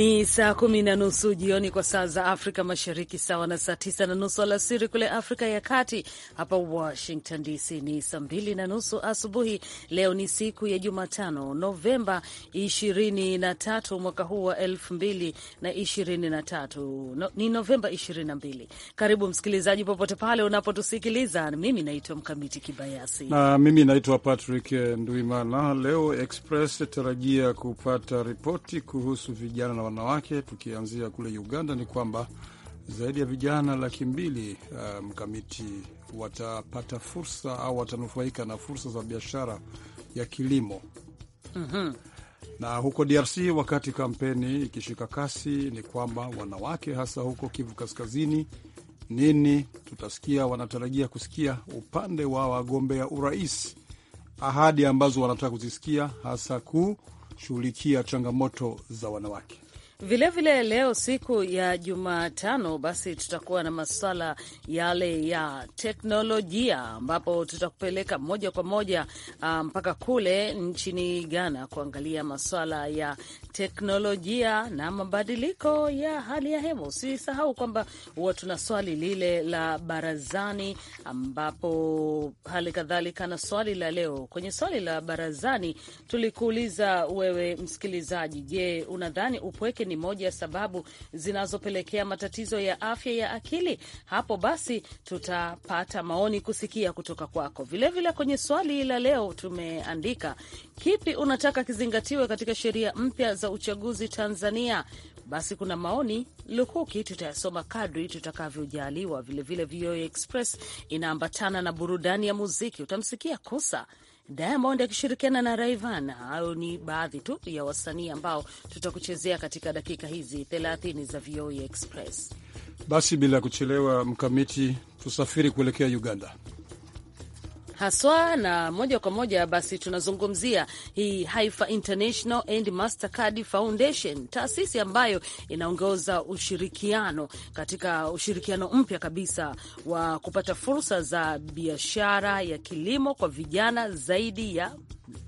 Ni saa kumi na nusu jioni kwa saa za Afrika Mashariki, sawa na saa tisa na nusu alasiri kule Afrika ya Kati. Hapa Washington DC ni saa mbili na nusu asubuhi. Leo ni siku ya Jumatano, Novemba ishirini na tatu mwaka huu wa elfu mbili na ishirini na tatu no, ni Novemba ishirini na mbili. Karibu msikilizaji, popote pale unapotusikiliza. Mimi naitwa Mkamiti Kibayasi na mimi naitwa Patrick Nduimana. Leo Express tarajia kupata ripoti kuhusu vijana na wanawake, tukianzia kule Uganda, ni kwamba zaidi ya vijana laki mbili uh, mkamiti um, watapata fursa au watanufaika na fursa za biashara ya kilimo mm -hmm. Na huko DRC wakati kampeni ikishika kasi, ni kwamba wanawake hasa huko Kivu Kaskazini, nini tutasikia? Wanatarajia kusikia upande wa wagombea urais, ahadi ambazo wanataka kuzisikia, hasa kushughulikia changamoto za wanawake. Vilevile vile leo siku ya Jumatano, basi tutakuwa na maswala yale ya teknolojia, ambapo tutakupeleka moja kwa moja ah, mpaka um, kule nchini Ghana kuangalia maswala ya teknolojia na mabadiliko ya hali ya hewa. Usisahau kwamba huwa tuna swali lile la barazani, ambapo hali kadhalika na swali la leo. Kwenye swali la barazani tulikuuliza wewe msikilizaji, je, unadhani upweke ni moja ya sababu zinazopelekea matatizo ya afya ya akili. Hapo basi tutapata maoni kusikia kutoka kwako. Vilevile vile kwenye swali la leo tumeandika kipi unataka kizingatiwe katika sheria mpya za uchaguzi Tanzania? Basi kuna maoni lukuki, tutayasoma kadri tutakavyojaliwa. Vilevile VOA Express inaambatana na burudani ya muziki, utamsikia Kosa Diamond akishirikiana na raivan Hayo ni baadhi tu ya wasanii ambao tutakuchezea katika dakika hizi thelathini za VOA e Express. Basi bila kuchelewa, Mkamiti, tusafiri kuelekea Uganda haswa, na moja kwa moja basi tunazungumzia hii Haifa International and Mastercard Foundation, taasisi ambayo inaongoza ushirikiano katika ushirikiano mpya kabisa wa kupata fursa za biashara ya kilimo kwa vijana zaidi ya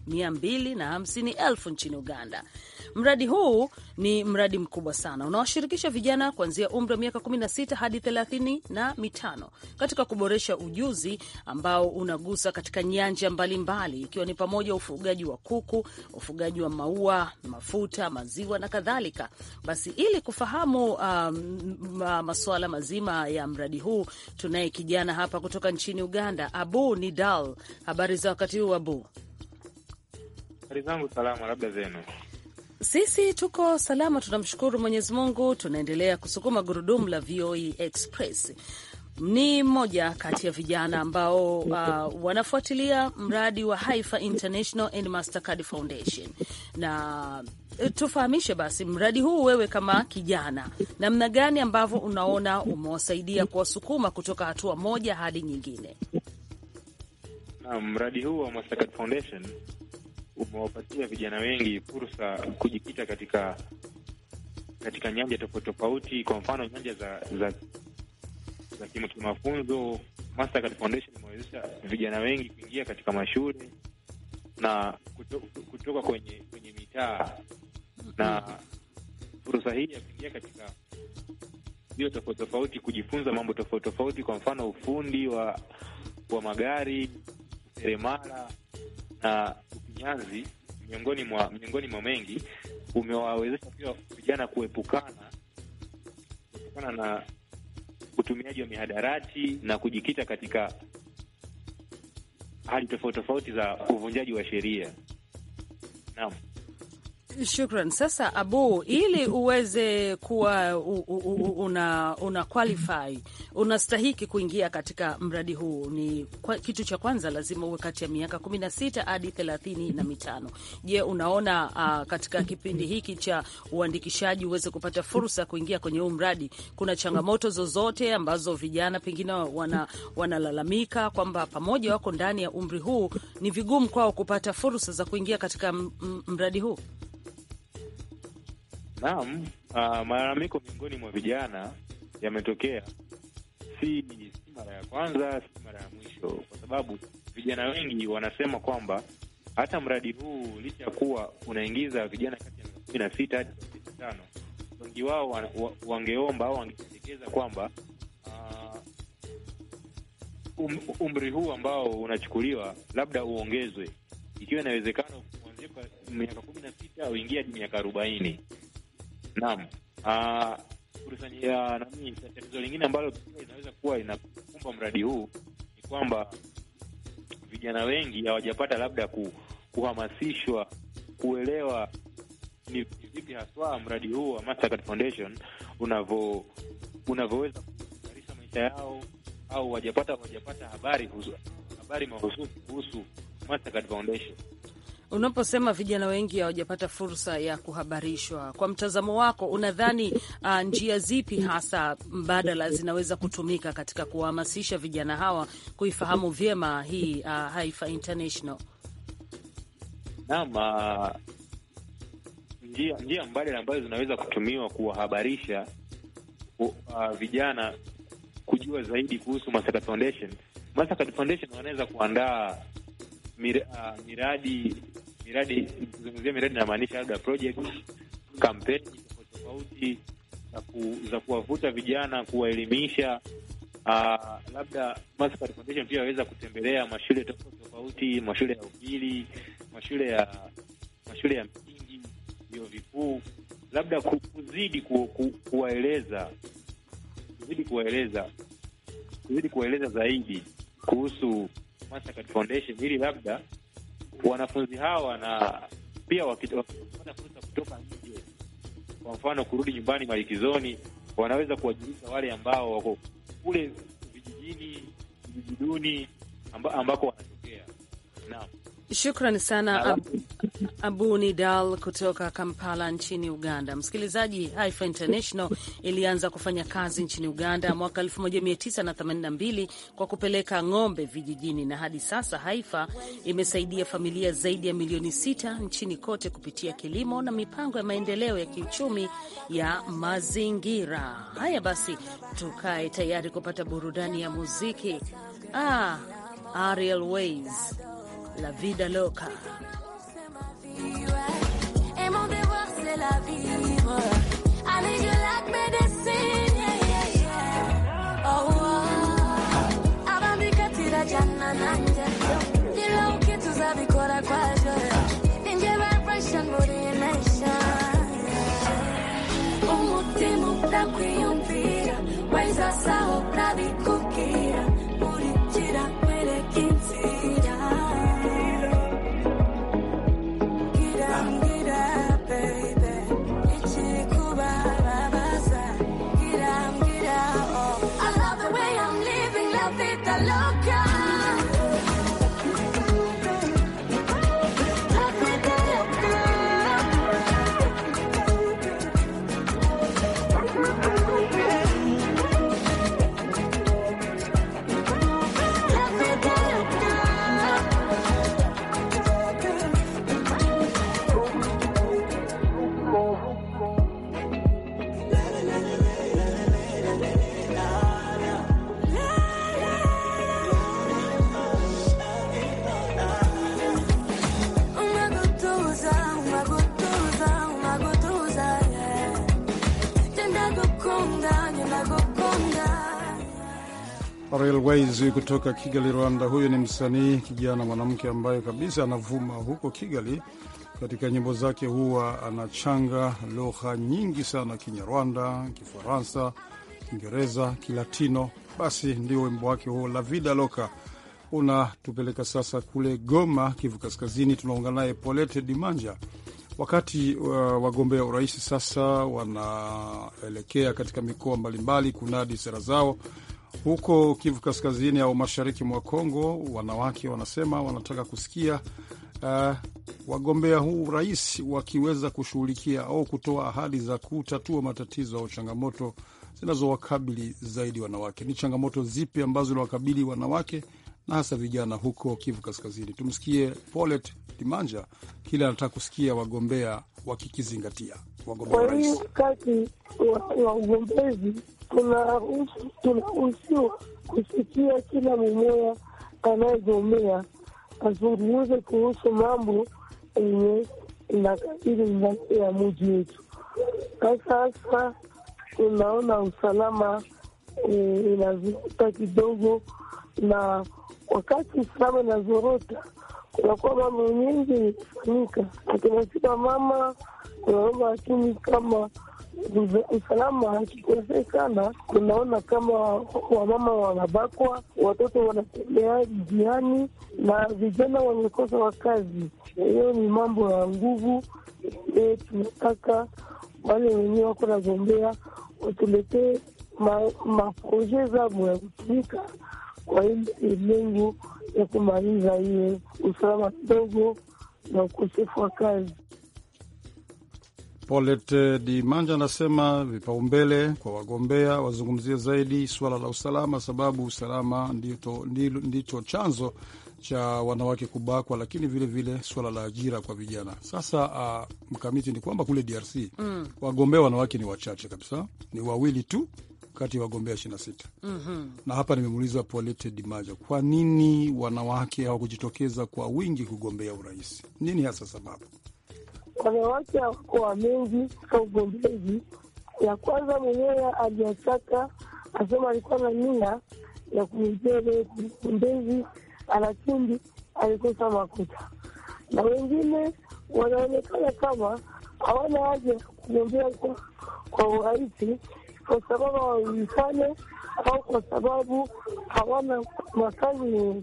mia mbili na hamsini elfu nchini Uganda. Mradi huu ni mradi mkubwa sana, unawashirikisha vijana kuanzia umri wa miaka 16 hadi 35 katika kuboresha ujuzi ambao unagusa kuuza katika nyanja mbalimbali, ikiwa ni pamoja ufugaji wa kuku, ufugaji wa maua, mafuta, maziwa na kadhalika. Basi ili kufahamu um, masuala mazima ya mradi huu, tunaye kijana hapa kutoka nchini Uganda, Abu Nidal. Habari za wakati huu Abu? Habari zangu salama, labda zenu? Sisi tuko salama, tunamshukuru Mwenyezi Mungu, tunaendelea kusukuma gurudumu la VOE Express ni mmoja kati ya vijana ambao uh, wanafuatilia mradi wa Haifa International and Mastercard Foundation. Na eh, tufahamishe basi mradi huu, wewe kama kijana, namna gani ambavyo unaona umewasaidia kuwasukuma kutoka hatua moja hadi nyingine? Na mradi huu wa Mastercard Foundation umewapatia vijana wengi fursa kujikita katika katika nyanja tofauti tofauti, kwa mfano nyanja za, za za kilimo cha mafunzo Mastercard Foundation imewezesha vijana wengi kuingia katika mashule na kuto, kutoka kwenye kwenye mitaa na fursa hii ya kuingia katika hiyo tofauti tofauti kujifunza mambo tofauti tofauti, kwa mfano ufundi wa wa magari, seremala na ufinyanzi, miongoni mwa miongoni mwa mengi, umewawezesha pia vijana kuepukana kuepukana na utumiaji wa mihadarati na kujikita katika hali tofauti tofauti za uvunjaji wa sheria. Naam. Shukran. Sasa Abu, ili uweze kuwa u, u, u, una, una qualify unastahiki kuingia katika mradi huu, ni kwa, kitu cha kwanza lazima uwe kati ya miaka kumi na sita hadi thelathini na mitano. Je, unaona uh, katika kipindi hiki cha uandikishaji uweze kupata fursa kuingia kwenye huu mradi, kuna changamoto zozote ambazo vijana pengine wana, wanalalamika kwamba pamoja wako ndani ya umri huu ni vigumu kwao kupata fursa za kuingia katika mradi huu? Naam, uh, malalamiko miongoni mwa vijana yametokea, si mara ya kwanza, si mara ya mwisho, kwa sababu vijana wengi wanasema kwamba hata mradi huu licha ya kuwa unaingiza vijana kati ya miaka kumi na sita hadi kumi na tano wengi wao wa, wa, wangeomba au wangependekeza kwamba uh, um, umri huu ambao unachukuliwa labda uongezwe, ikiwa inawezekana kuanzia miaka kumi na sita uingie hadi miaka arobaini Naam, ah, uh, nani, tatizo lingine ambalo inaweza kuwa inakumba mradi huu ni kwamba vijana wengi hawajapata labda ku, kuhamasishwa kuelewa ni vipi haswa mradi huu wa Mastercard Foundation unavyo unavyoweza kuimarisha maisha yao, au wajapata wajapata habari huzu, habari mahususi kuhusu Mastercard Foundation. Unaposema vijana wengi hawajapata fursa ya kuhabarishwa, kwa mtazamo wako unadhani uh, njia zipi hasa mbadala zinaweza kutumika katika kuwahamasisha vijana hawa kuifahamu vyema hii uh, Haifa International? Naam, uh, njia njia mbadala ambazo zinaweza kutumiwa kuwahabarisha uh, vijana kujua zaidi kuhusu Masakat Foundation. Masakat Foundation wanaweza kuandaa uh, miradi miradi, kuzungumzia miradi inamaanisha labda projects, kampeni tofauti tofauti za kuwavuta vijana, kuwaelimisha. Uh, labda Maspard Foundation pia waweza kutembelea mashule tofauti tofauti, mashule ya upili, mashule ya mashule ya msingi, vyuo vikuu, labda kuzidi ku, ku, kuwaeleza kuzidi kuwaeleza kuzidi kuwaeleza zaidi kuhusu Maspard Foundation ili labda wanafunzi hawa na pia wakipata fursa kutoka nje, kwa mfano kurudi nyumbani malikizoni, wanaweza kuwajulisha wale ambao wako kule vijijini, vijijini ambako wanatokea. Naam. Shukran sana Ab Abu Nidal kutoka Kampala nchini Uganda. Msikilizaji, Haifa International ilianza kufanya kazi nchini Uganda mwaka 1982 kwa kupeleka ng'ombe vijijini, na hadi sasa Haifa imesaidia familia zaidi ya milioni sita nchini kote kupitia kilimo na mipango ya maendeleo ya kiuchumi ya mazingira. Haya basi, tukae tayari kupata burudani ya muziki. Ah, Ariel Ways la Vida Loca. umutima udakwiyumvira waiza sawa muziki kutoka Kigali, Rwanda. Huyu ni msanii kijana mwanamke ambaye kabisa anavuma huko Kigali. Katika nyimbo zake huwa anachanga lugha nyingi sana, Kinyarwanda, Kifaransa, Kiingereza, Kilatino. Basi ndio wimbo wake huo La Vida Loka. Unatupeleka sasa kule Goma, Kivu Kaskazini. Tunaungana naye Polete Dimanja. Wakati uh, wagombea urais sasa wanaelekea katika mikoa mbalimbali kunadi sera zao, huko Kivu Kaskazini au mashariki mwa Kongo, wanawake wanasema wanataka kusikia uh, wagombea huu rais wakiweza kushughulikia au kutoa ahadi za kutatua matatizo au changamoto zinazowakabili zaidi wanawake. Ni changamoto zipi ambazo zinawakabili wanawake na hasa vijana huko Kivu Kaskazini? Tumsikie Polet Limanja kile anataka kusikia wagombea wakikizingatia wagombea urais. Kwa hiyo kati wa ugombezi tunaruhusiwa kusikia kila mmoja anayegombea azungumze kuhusu mambo yenye inakabili ndani ya muji wetu. Sasa hasa unaona usalama e, inazorota kidogo, na wakati usalama inazorota kunakuwa mambo nyingi ikifanyika, akinafika mama kunaomba, lakini kama usalama akikosekana kunaona kama wamama wanabakwa, watoto wanatembea jiani na vijana wamekosa wakazi. Hiyo ni mambo ya nguvu. E, tunataka wale wenyewe wako nagombea watuletee maproje zabo ya kutumika kwa ile lengo ya kumaliza hiyo usalama kidogo na ukosefu wa kazi. Polet Di Manja anasema vipaumbele kwa wagombea wazungumzie zaidi suala la usalama, sababu usalama ndicho, chanzo cha wanawake kubakwa, lakini vilevile vile suala la ajira kwa vijana. Sasa uh, mkamiti ni kwamba kule DRC mm, wagombea wanawake ni wachache kabisa, ni wawili tu kati ya wagombea ishirini na sita mm -hmm. na hapa nimemuuliza Poilete Dimaja, kwa nini wanawake hawakujitokeza kwa wingi kugombea urais? Nini hasa sababu? Wanawake hawakuwa mengi ka ugombezi. Ya kwanza mwenyewe aliyataka asema, alikuwa na nia ya kuingia ugombezi, lakini alikosa makuta, na wengine wanaonekana kama hawana haja kugombea kwa urahisi kwa sababu hawaifanye au kwa sababu hawana makazi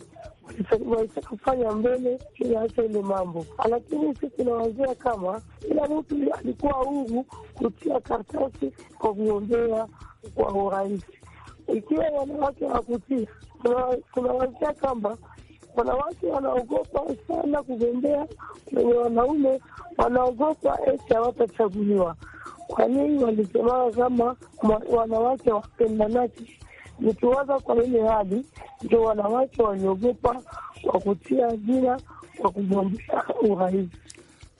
waisha kufanya mbele iacha ile mambo. Lakini si tunawazia kama kila mtu alikuwa huru kutia karatasi kwa kuombea kwa urahisi, ikiwa wanawake hawakutia, tunawazia kwamba wanawake wanaogopa sana kugombea kwenye wanaume, wanaogopa eti hawatachaguliwa. Kwa nini walisemaa kama wanawake wapendanaki. Nikiwaza kwa ile hali, ndio wanawake waliogopa kwa kutia jina kwa kugombea urahisi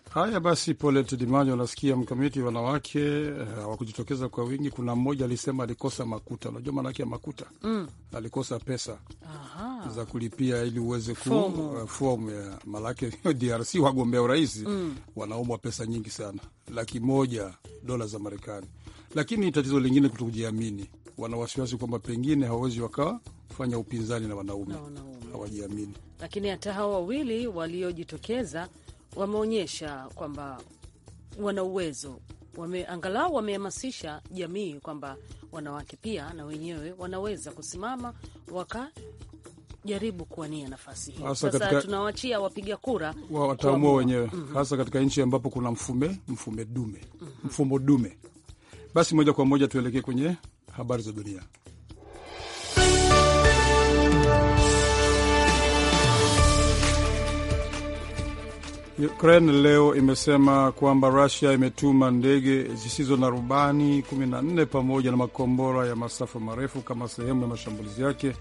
Haya basi, Polet Dimanyo, wanasikia mkamiti, wanawake eh, hawakujitokeza uh, kwa wingi. Kuna mmoja alisema alikosa makuta, unajua maanake ya makuta mm. alikosa pesa Aha. za kulipia ili uweze ku eh, ya uh, maanake DRC wagombea urais mm. wanaombwa pesa nyingi sana, laki moja dola za Marekani. Lakini tatizo lingine kutokujiamini, wana wasiwasi kwamba pengine hawawezi wakafanya upinzani na wanaume, hawajiamini. Lakini hata hawa wawili waliojitokeza wameonyesha kwamba wana uwezo wame, angalau wamehamasisha jamii kwamba wanawake pia na wenyewe wanaweza kusimama waka jaribu kuwania nafasi hii Sasa tunawachia wapiga kura wataamua wenyewe, mhm. hasa katika nchi ambapo kuna mfume mfume dume mhm. mfumo dume basi moja kwa moja tuelekee kwenye habari za dunia. Ukraine leo imesema kwamba Rusia imetuma ndege zisizo na rubani 14 pamoja na makombora ya masafa marefu kama sehemu ya mashambulizi yake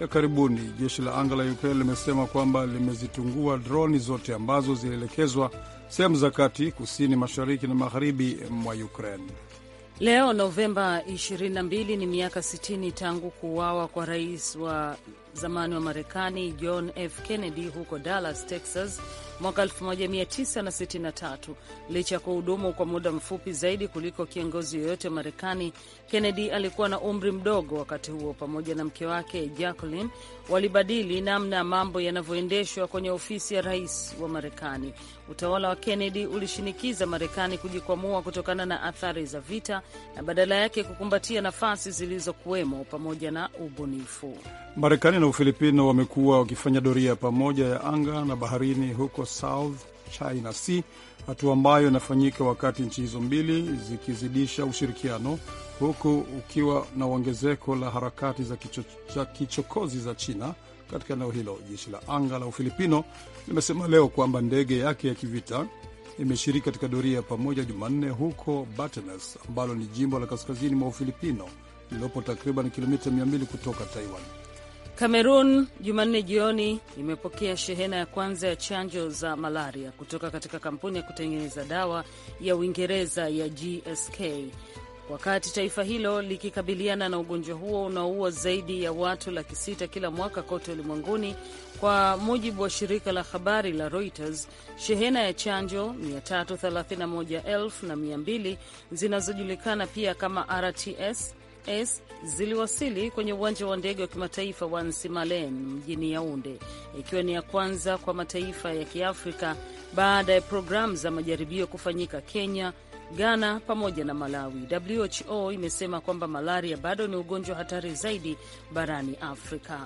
ya karibuni. Jeshi la anga la Ukraine limesema kwamba limezitungua droni zote ambazo zilielekezwa sehemu za kati, kusini, mashariki na magharibi mwa Ukraine. Leo Novemba 22 ni miaka 60 tangu kuuawa kwa rais wa zamani wa Marekani John F Kennedy huko Dallas, Texas mwaka 1963 licha ya kuhudumu kwa muda mfupi zaidi kuliko kiongozi yoyote wa Marekani. Kennedy alikuwa na umri mdogo wakati huo, pamoja na mke wake Jacqueline walibadili namna ya mambo yanavyoendeshwa kwenye ofisi ya rais wa Marekani. Utawala wa Kennedy ulishinikiza Marekani kujikwamua kutokana na athari za vita na badala yake kukumbatia nafasi zilizokuwemo pamoja na ubunifu. Marekani na Ufilipino wamekuwa wakifanya doria pamoja ya anga na baharini huko South China Sea, hatua ambayo inafanyika wakati nchi hizo mbili zikizidisha ushirikiano huku ukiwa na ongezeko la harakati za, kicho, za kichokozi za China katika eneo hilo. Jeshi la anga la Ufilipino limesema leo kwamba ndege yake ya kivita imeshiriki katika doria ya pamoja Jumanne huko Batanes ambalo ni jimbo la kaskazini mwa Ufilipino lililopo takriban kilomita 200 kutoka Taiwan. Kamerun Jumanne jioni imepokea shehena ya kwanza ya chanjo za malaria kutoka katika kampuni ya kutengeneza dawa ya Uingereza ya GSK wakati taifa hilo likikabiliana na ugonjwa huo unaoua zaidi ya watu laki sita kila mwaka kote ulimwenguni. Kwa mujibu wa shirika la habari la Reuters, shehena ya chanjo 331,200 zinazojulikana pia kama RTS S ziliwasili kwenye uwanja wa ndege wa kimataifa wa Nsimalen mjini Yaunde, ikiwa ni ya kwanza kwa mataifa ya Kiafrika baada ya programu za majaribio kufanyika Kenya, Ghana pamoja na Malawi. WHO imesema kwamba malaria bado ni ugonjwa hatari zaidi barani Afrika.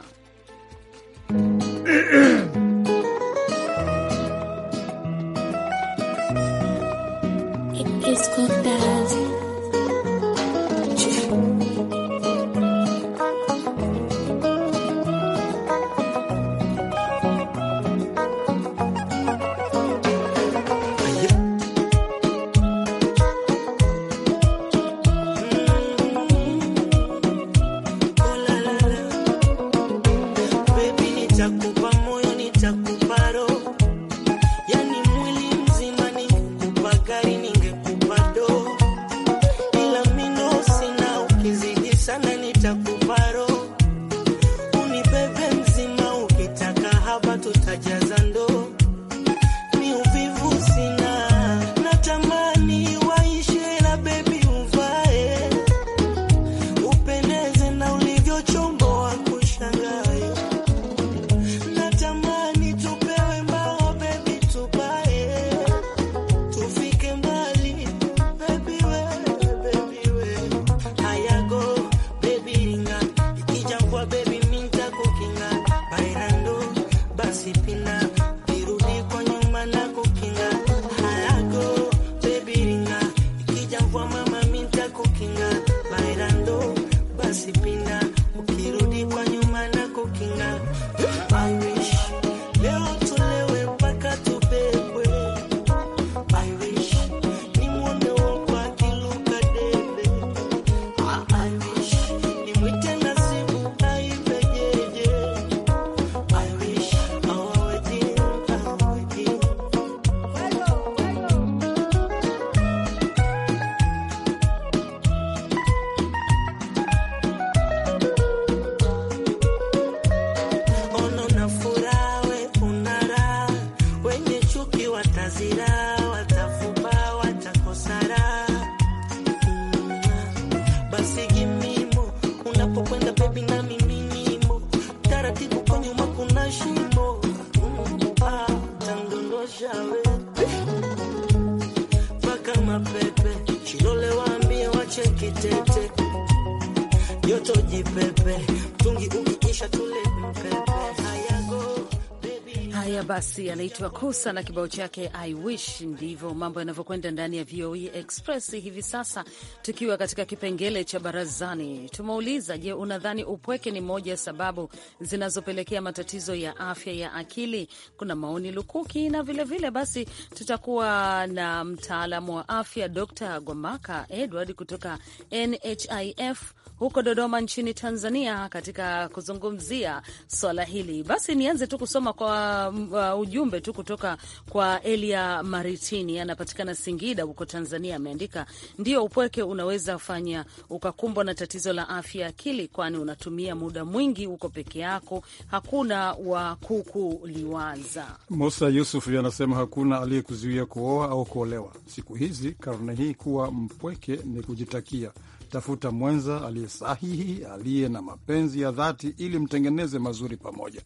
basi anaitwa Kusa na kibao chake I wish. Ndivyo mambo yanavyokwenda ndani ya voe Express hivi sasa, tukiwa katika kipengele cha barazani. Tumeuliza, je, unadhani upweke ni moja ya sababu zinazopelekea matatizo ya afya ya akili? Kuna maoni lukuki na vilevile vile, basi tutakuwa na mtaalamu wa afya Dr. Gwamaka Edward kutoka NHIF huko Dodoma nchini Tanzania katika kuzungumzia swala hili. Basi nianze tu kusoma kwa uh, ujumbe tu kutoka kwa Elia Maritini, anapatikana Singida huko Tanzania. Ameandika, ndio upweke unaweza fanya ukakumbwa na tatizo la afya ya akili, kwani unatumia muda mwingi huko peke yako, hakuna wa kukuliwaza. Musa Yusuf anasema hakuna aliyekuzuia kuoa au kuolewa. Siku hizi, karne hii, kuwa mpweke ni kujitakia Tafuta mwenza aliye sahihi, aliye na mapenzi ya dhati, ili mtengeneze mazuri pamoja.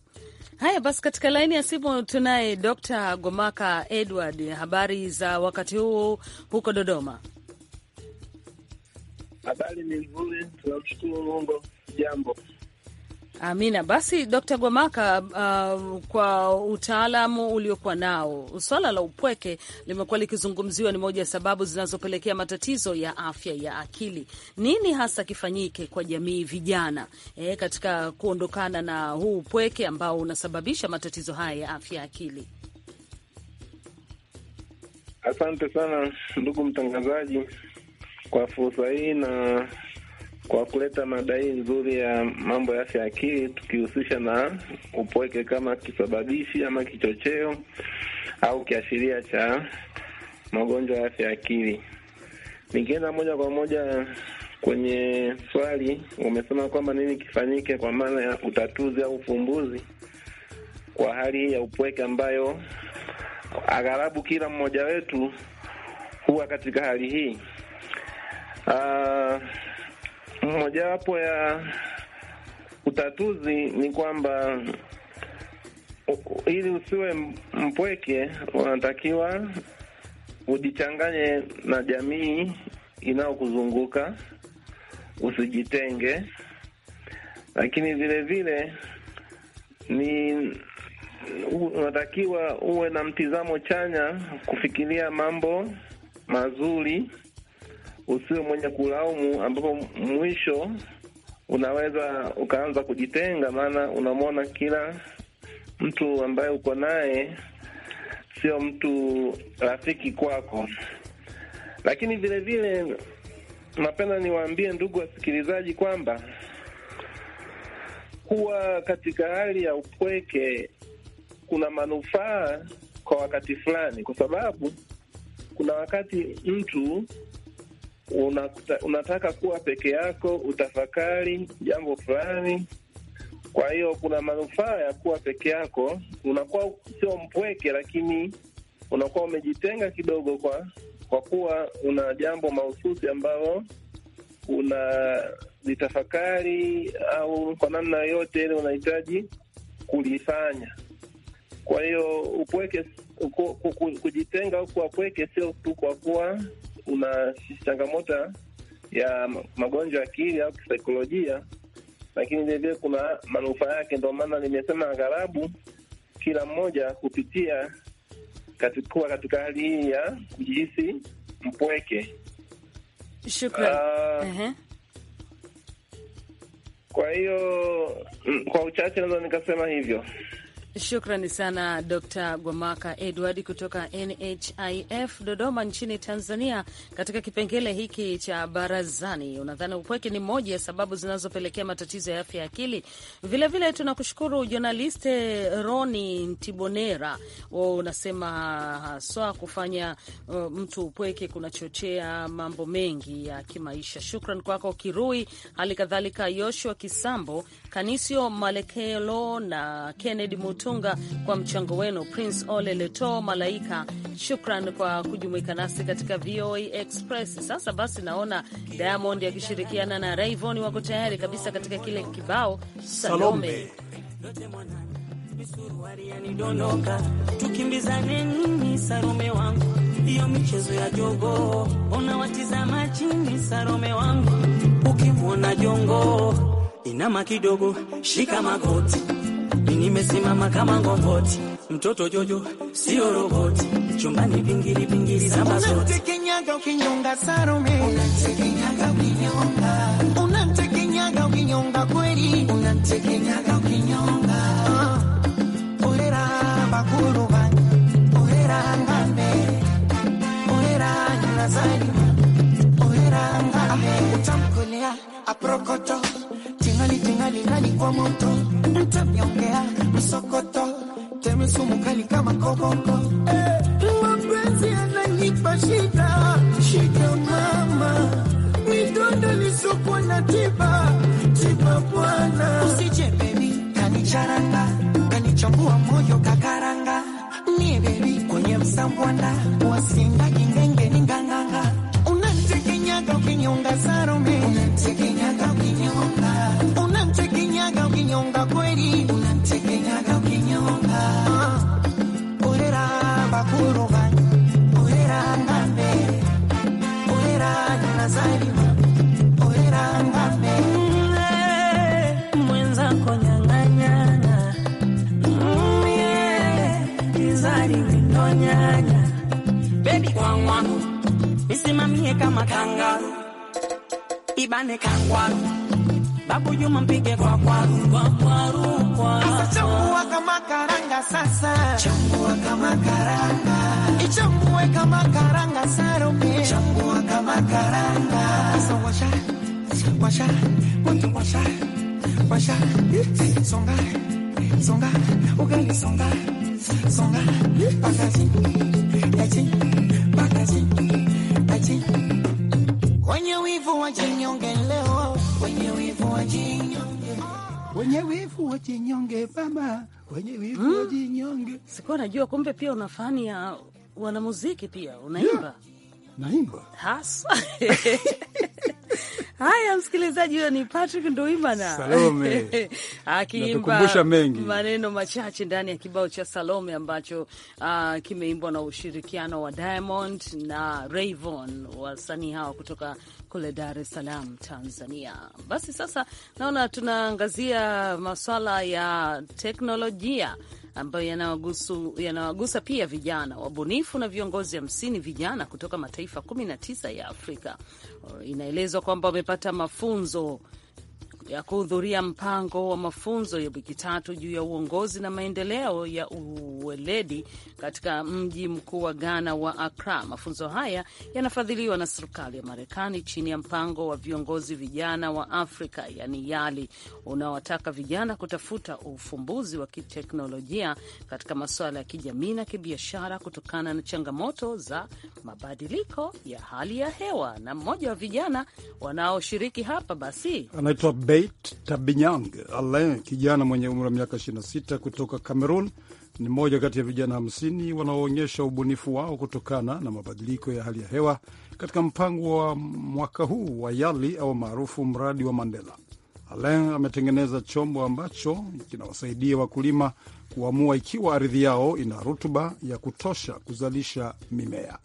Haya basi, katika laini ya simu tunaye Dr. Gomaka Edward. Habari za wakati huu huko Dodoma? Habari ni nzuri, tunamshukuru Mungu. Jambo Amina. Basi Dkt. Gwamaka, uh, kwa utaalamu uliokuwa nao, swala la upweke limekuwa likizungumziwa, ni moja ya sababu zinazopelekea matatizo ya afya ya akili. Nini hasa kifanyike kwa jamii, vijana e, katika kuondokana na huu upweke ambao unasababisha matatizo haya ya afya ya akili? Asante sana ndugu mtangazaji kwa fursa hii na kwa kuleta madai nzuri ya mambo ya afya ya akili, tukihusisha na upweke kama kisababishi ama kichocheo au kiashiria cha magonjwa ya afya akili. Nikienda moja kwa moja kwenye swali, umesema kwamba nini kifanyike kwa maana ya utatuzi au ufumbuzi kwa hali ya upweke ambayo aghalabu kila mmoja wetu huwa katika hali hii. Ah, Mojawapo ya utatuzi ni kwamba ili usiwe mpweke, unatakiwa ujichanganye na jamii inayokuzunguka, usijitenge, lakini vile vile ni unatakiwa uwe na mtizamo chanya, kufikiria mambo mazuri usiwe mwenye kulaumu, ambapo mwisho unaweza ukaanza kujitenga, maana unamwona kila mtu ambaye uko naye sio mtu rafiki kwako. Lakini vile vile napenda niwaambie ndugu wasikilizaji kwamba kuwa katika hali ya upweke kuna manufaa kwa wakati fulani, kwa sababu kuna wakati mtu unakuta, unataka kuwa peke yako, utafakari jambo fulani. Kwa hiyo kuna manufaa ya kuwa peke yako, unakuwa sio mpweke, lakini unakuwa umejitenga kidogo, kwa kwa kuwa una jambo mahususi ambalo litafakari au kwa namna yoyote ile unahitaji kulifanya. Kwa hiyo upweke, kujitenga au kuwa pweke sio tu kwa kuwa kuna changamoto ya magonjwa ya akili au kisaikolojia, lakini vilevile kuna manufaa yake. Ndio maana nimesema gharabu kila mmoja kupitia kuwa katika hali hii ya kujihisi mpweke. Shukran. Uh, ah, uh -huh. Kwa hiyo mm, kwa uchache naweza nikasema hivyo. Shukrani sana Dr Gwamaka Edward kutoka NHIF Dodoma nchini Tanzania. Katika kipengele hiki cha barazani, unadhani upweke ni moja ya sababu zinazopelekea matatizo ya afya ya akili? Vilevile tunakushukuru jonaliste Roni Ntibonera, unasema haswa kufanya uh, mtu upweke kunachochea mambo mengi ya kimaisha. Shukran kwako Kirui, hali kadhalika Yoshua Kisambo, Kanisio Malekelo na Kennedy Mutu Lutunga kwa mchango wenu. Prince Ole Leto Malaika, shukran kwa kujumuika nasi katika VOA Express. Sasa basi, naona Diamond akishirikiana na Rayvon wako tayari kabisa katika kile kibao Salome, Salome. Hiyo michezo ya jogo unawatizama chini, Sarome wangu, ukimwona jongo inama kidogo, shika magoti nimesimama kama ngongoti, mtoto Jojo sio roboti, chumbani pingili pingili za mazoti, unamtekenyaga ukinyonga Salome, unamtekenyaga ukinyonga, unamtekenyaga ukinyonga kweli, unamtekenyaga Bongo, bongo. wanyanya bebi kwangwangu nisimamie kama kangaru ibane kangwaru babu Juma mpige kwa kwaru chambua kama karanga sasa chambua kama karanga ichambue kama karanga sarope chambua kama karanga sasa washa washa watu washa washa songa songa ugali songa kwenye wivu wajinyonge leo, wenye wivu wivu baba, wivu hmm? Sikuwa najua kumbe pia una fani ya wanamuziki pia unaimba. Yeah, naimba hasa Haya, msikilizaji, huyo ni Patrick Nduimana Salome akiimba mengi maneno machache ndani ya kibao cha Salome ambacho uh, kimeimbwa na ushirikiano wa Diamond na Rayvon, wasanii hawa kutoka kule Dar es Salaam, Tanzania. Basi sasa naona tunaangazia maswala ya teknolojia ambayo yanawagusu yanawagusa pia vijana wabunifu na viongozi hamsini vijana kutoka mataifa kumi na tisa ya Afrika. Inaelezwa kwamba wamepata mafunzo ya kuhudhuria mpango wa mafunzo ya wiki tatu juu ya uongozi na maendeleo ya uweledi katika mji mkuu wa Ghana wa Accra. Mafunzo haya yanafadhiliwa na serikali ya Marekani chini ya mpango wa viongozi vijana wa Afrika, yani YALI, unaowataka vijana kutafuta ufumbuzi wa kiteknolojia katika masuala ya kijamii na kibiashara kutokana na changamoto za mabadiliko ya hali ya hewa. Na mmoja wa vijana wanaoshiriki hapa basi anaitwa Beit Tabinyang Alain, kijana mwenye umri wa miaka 26 kutoka Cameroon, ni mmoja kati ya vijana 50 wanaoonyesha ubunifu wao kutokana na mabadiliko ya hali ya hewa katika mpango wa mwaka huu wa YALI au maarufu mradi wa Mandela. Alain ametengeneza chombo ambacho kinawasaidia wakulima kuamua ikiwa ardhi yao ina rutuba ya kutosha kuzalisha mimea.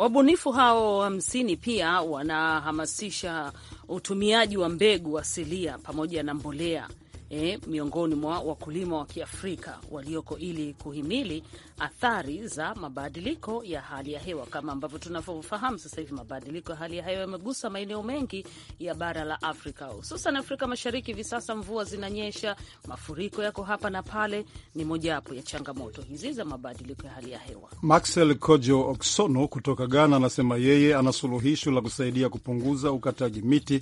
Wabunifu hao hamsini pia wanahamasisha utumiaji wa mbegu asilia pamoja na mbolea eh, miongoni mwa wakulima wa Kiafrika walioko ili kuhimili athari za mabadiliko ya hali ya hewa. Kama ambavyo tunavyofahamu sasa hivi, mabadiliko ya hali ya hewa yamegusa maeneo mengi ya bara la Afrika, hususan Afrika Mashariki. Hivi sasa mvua zinanyesha, mafuriko yako hapa na pale, ni mojawapo ya changamoto hizi za mabadiliko ya hali ya hewa. Maxel Kojo Oksono kutoka Ghana anasema yeye ana suluhisho la kusaidia kupunguza ukataji miti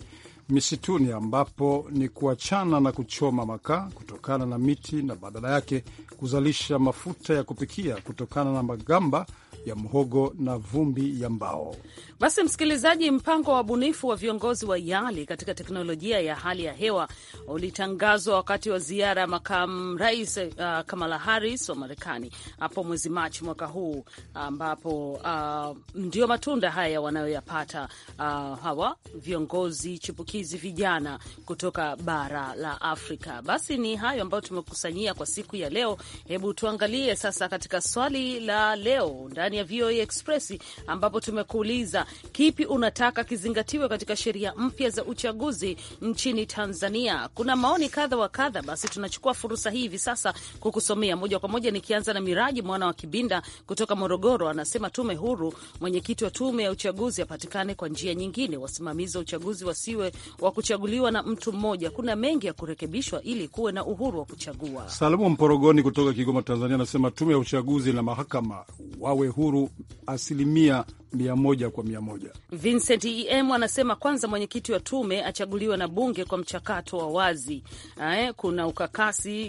misituni ambapo ni kuachana na kuchoma makaa kutokana na miti na badala yake kuzalisha mafuta ya kupikia kutokana na magamba ya mhogo na vumbi ya mbao. Basi msikilizaji, mpango wa bunifu wa viongozi wa YALI katika teknolojia ya hali ya hewa ulitangazwa wakati wa ziara ya makamu rais uh, Kamala Harris wa Marekani hapo mwezi Machi mwaka huu, ambapo uh, ndio matunda haya wanayoyapata uh, hawa viongozi chipukizi vijana kutoka bara la Afrika. Basi ni hayo ambayo tumekusanyia kwa siku ya leo. Hebu tuangalie sasa katika swali la leo ndani ya VOA Express ambapo tumekuuliza kipi unataka kizingatiwe katika sheria mpya za uchaguzi nchini Tanzania. Kuna maoni kadha wa kadha, basi tunachukua fursa hii hivi sasa kukusomea moja kwa moja, nikianza na Miraji mwana wa Kibinda kutoka Morogoro. Anasema tume huru, mwenyekiti wa tume ya uchaguzi apatikane kwa njia nyingine, wasimamizi wa uchaguzi wasiwe wa kuchaguliwa na mtu mmoja. Kuna mengi ya kurekebishwa ili kuwe na uhuru wa kuchagua. Salamu Mporogoni kutoka Kigoma, Tanzania anasema tume ya uchaguzi na mahakama wawe huru kushukuru asilimia mia moja kwa mia moja. Vincent em anasema kwanza mwenyekiti wa tume achaguliwe na bunge kwa mchakato wa wazi. Ae, kuna ukakasi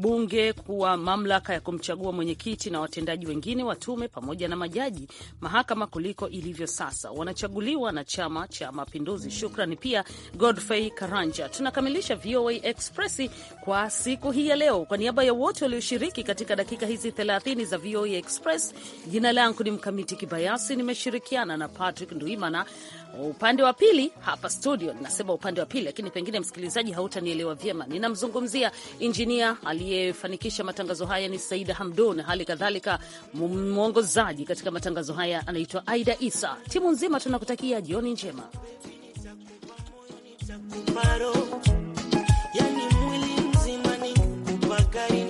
bunge kuwa mamlaka ya kumchagua mwenyekiti na watendaji wengine wa tume pamoja na majaji mahakama kuliko ilivyo sasa, wanachaguliwa na Chama cha Mapinduzi. Hmm. Shukrani pia Godfrey Karanja. Tunakamilisha VOA Express kwa siku hii ya leo. Kwa niaba ya wote walioshiriki katika dakika hizi 30 za VOA Express, jina langu ni Mkamiti Kibayasi nimeshirikiana na Patrick Nduimana upande wa pili hapa studio. Ninasema upande wa pili, lakini pengine msikilizaji hautanielewa vyema. Ninamzungumzia injinia aliyefanikisha matangazo haya ni Saida Hamdun, hali kadhalika mwongozaji katika matangazo haya anaitwa Aida Isa. Timu nzima tunakutakia jioni njema. Yani mwili mzima ni